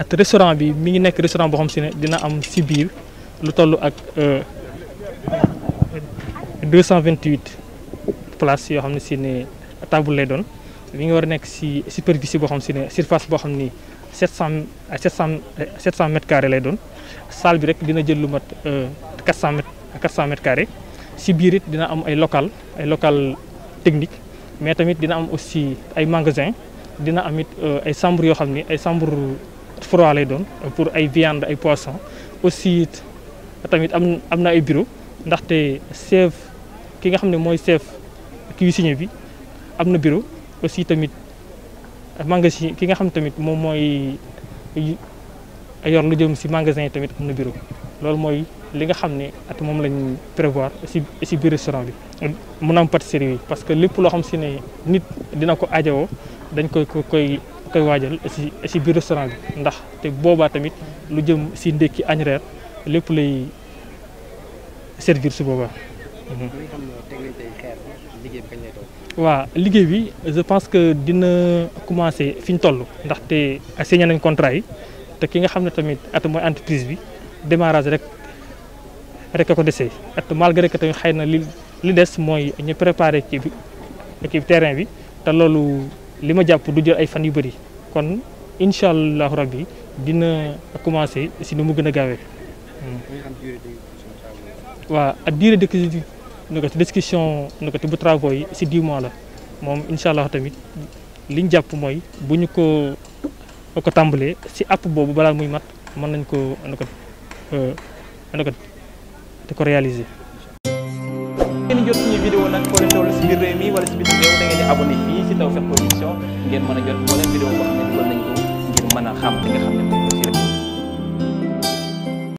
ak restaurant bi mi ngi nekk restaurant boo xam si ne dina am si biir lu tollu ak 228 euh, places yoo xam ne si ne table lay doon mi ngi war a nekk si superficie boo xam si ne surface boo xam ni 700 700 700 mètres carrés lay doon salle bi rek dina jël lu mat 400 euh, mètres 400 mètres carrés si biir it dina am ay local ay local technique mais tamit dina am aussi ay magasin dina am it euh, ay chambre yoo xam ni ay chambre froid lay doon pour ay viande ay poisson aussi tamit am am na ay bureau ndaxte chef ki nga xam ne mooy chef cuisinier bi am na bureau aussi tamit magasin ki nga xam tamit moom mooy yor lu jëm si magasin yi tamit am na bureau loolu mooy li nga xam ne at moom lañ prévoir si si biir restaurant bi mun am pâtisserie yi parce que lépp loo xam si ne nit dina ko ajawoo dañ koy koy koy waajal si si biir restaurant bi ndax te boobaa tamit lu jëm si ndékki añ reer lépp lay servir su boobaa. Mhm. waa liggéey bi je pense que dina commencé fi ñu toll ndaxte signé nañ contrat yi te ki nga xam ne tamit at mooy entreprise bi démarrage rek rek a ko desee at malgré que tamit xëy na li li des mooy ñu préparé kii bi terrain bi te loolu. li ma jàpp du jël ay fan yu bëri kon incha allahu rabbi dina commencé si nu mu gën a gaawee. Hmm. waaw ak durée de nu ko ci discussion bu travaux yi si 10 mois la moom incha allah tamit liñ jàpp mooy bu ñu ko ko tàmbalee si app boobu balaa muy mat mën nañ ko nu ko euh, ko di jot suñu vidéo nag foo si biir réew mi wala si biir réew si Tawfekh Production ngeen mën a jot moo leen vidéo boo xam ne dugal nañ